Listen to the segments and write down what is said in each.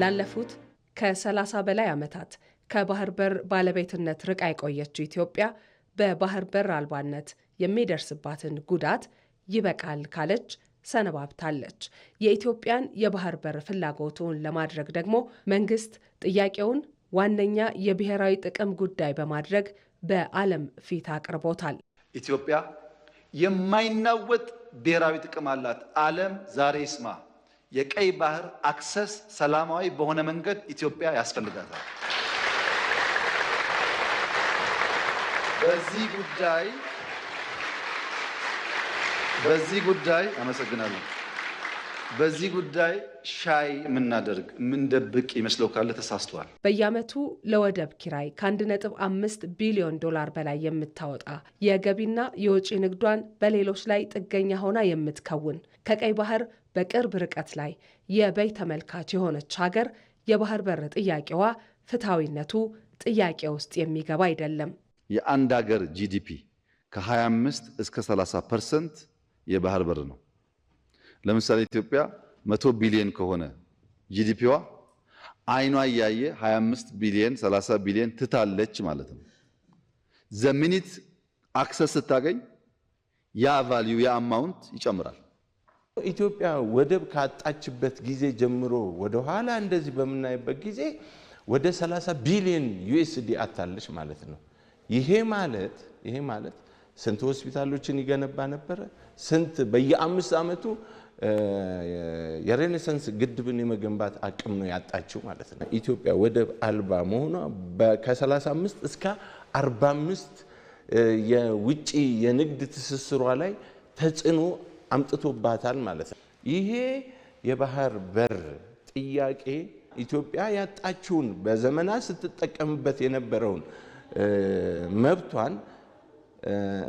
ላለፉት ከ30 በላይ ዓመታት ከባህር በር ባለቤትነት ርቃ የቆየችው ኢትዮጵያ በባህር በር አልባነት የሚደርስባትን ጉዳት ይበቃል ካለች ሰነባብታለች። የኢትዮጵያን የባህር በር ፍላጎቱን ለማድረግ ደግሞ መንግስት ጥያቄውን ዋነኛ የብሔራዊ ጥቅም ጉዳይ በማድረግ በዓለም ፊት አቅርቦታል። ኢትዮጵያ የማይናወጥ ብሔራዊ ጥቅም አላት። ዓለም ዛሬ ይስማ። የቀይ ባህር አክሰስ ሰላማዊ በሆነ መንገድ ኢትዮጵያ ያስፈልጋታል። በዚህ ጉዳይ በዚህ ጉዳይ አመሰግናለሁ። በዚህ ጉዳይ ሻይ የምናደርግ የምንደብቅ ይመስለው ካለ ተሳስተዋል። በየዓመቱ ለወደብ ኪራይ ከ1.5 ቢሊዮን ዶላር በላይ የምታወጣ የገቢና የውጪ ንግዷን በሌሎች ላይ ጥገኛ ሆና የምትከውን ከቀይ ባህር በቅርብ ርቀት ላይ የበይ ተመልካች የሆነች ሀገር የባህር በር ጥያቄዋ ፍትሐዊነቱ ጥያቄ ውስጥ የሚገባ አይደለም። የአንድ ሀገር ጂዲፒ ከ25 እስከ 30 ፐርሰንት የባህር በር ነው። ለምሳሌ ኢትዮጵያ 100 ቢሊዮን ከሆነ ጂዲፒዋ አይኗ እያየ 25 ቢሊዮን 30 ቢሊዮን ትታለች ማለት ነው። ዘሚኒት አክሰስ ስታገኝ ያ ቫልዩ ያ አማውንት ይጨምራል። ኢትዮጵያ ወደብ ካጣችበት ጊዜ ጀምሮ ወደ ኋላ እንደዚህ በምናይበት ጊዜ ወደ 30 ቢሊዮን ዩኤስዲ አታለች ማለት ነው። ይሄ ማለት ይሄ ማለት ስንት ሆስፒታሎችን ይገነባ ነበረ? ስንት በየአምስት ዓመቱ የሬኔሰንስ ግድብን የመገንባት አቅም ነው ያጣችው ማለት ነው። ኢትዮጵያ ወደብ አልባ መሆኗ ከ35 እስከ 45 የውጭ የንግድ ትስስሯ ላይ ተጽዕኖ አምጥቶባታል ማለት ነው። ይሄ የባህር በር ጥያቄ ኢትዮጵያ ያጣችውን በዘመናት ስትጠቀምበት የነበረውን መብቷን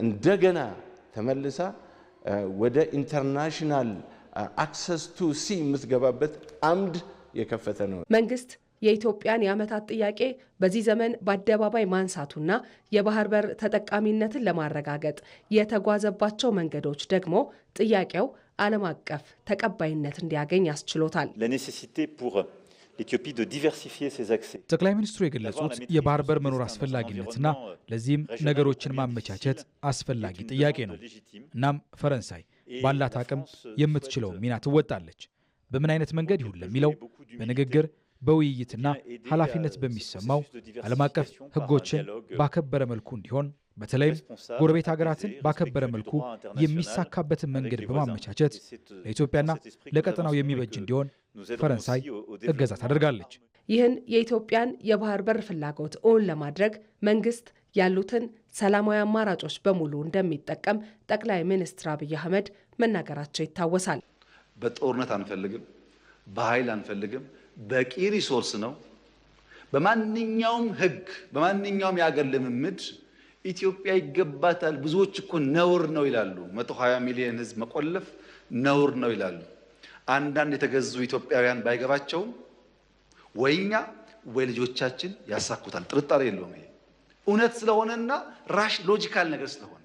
እንደገና ተመልሳ ወደ ኢንተርናሽናል አክሰስ ቱ ሲ የምትገባበት አምድ የከፈተ ነው መንግስት የኢትዮጵያን የዓመታት ጥያቄ በዚህ ዘመን በአደባባይ ማንሳቱና የባህር በር ተጠቃሚነትን ለማረጋገጥ የተጓዘባቸው መንገዶች ደግሞ ጥያቄው ዓለም አቀፍ ተቀባይነት እንዲያገኝ ያስችሎታል። ጠቅላይ ሚኒስትሩ የገለጹት የባህር በር መኖር አስፈላጊነትና ለዚህም ነገሮችን ማመቻቸት አስፈላጊ ጥያቄ ነው። እናም ፈረንሳይ ባላት አቅም የምትችለው ሚና ትወጣለች። በምን አይነት መንገድ ይሁን ለሚለው በንግግር በውይይትና ኃላፊነት euh, በሚሰማው ዓለም አቀፍ ሕጎችን ባከበረ መልኩ እንዲሆን በተለይም ጎረቤት ሀገራትን ባከበረ መልኩ የሚሳካበትን መንገድ በማመቻቸት euh, ለኢትዮጵያና ለቀጠናው የሚበጅ እንዲሆን ፈረንሳይ እገዛ ታደርጋለች። ይህን የኢትዮጵያን የባህር በር ፍላጎት እውን ለማድረግ መንግስት ያሉትን ሰላማዊ አማራጮች በሙሉ እንደሚጠቀም ጠቅላይ ሚኒስትር አብይ አህመድ መናገራቸው ይታወሳል። በጦርነት አንፈልግም በኃይል አንፈልግም። በቂ ሪሶርስ ነው። በማንኛውም ህግ በማንኛውም የአገር ልምምድ ኢትዮጵያ ይገባታል። ብዙዎች እኮ ነውር ነው ይላሉ። ሀያ ሚሊዮን ህዝብ መቆለፍ ነውር ነው ይላሉ። አንዳንድ የተገዙ ኢትዮጵያውያን ባይገባቸውም ወይኛ ወይ ልጆቻችን ያሳኩታል፣ ጥርጣሬ የለውም። ይሄ እውነት ስለሆነና ራሽ ሎጂካል ነገር ስለሆነ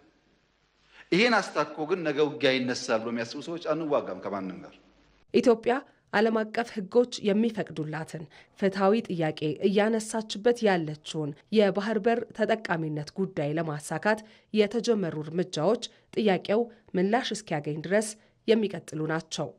ይሄን አስታኮ ግን ነገ ውጊያ ይነሳል ብሎ የሚያስቡ ሰዎች አንዋጋም ከማንም ጋር ኢትዮጵያ ዓለም አቀፍ ሕጎች የሚፈቅዱላትን ፍትሐዊ ጥያቄ እያነሳችበት ያለችውን የባህር በር ተጠቃሚነት ጉዳይ ለማሳካት የተጀመሩ እርምጃዎች ጥያቄው ምላሽ እስኪያገኝ ድረስ የሚቀጥሉ ናቸው።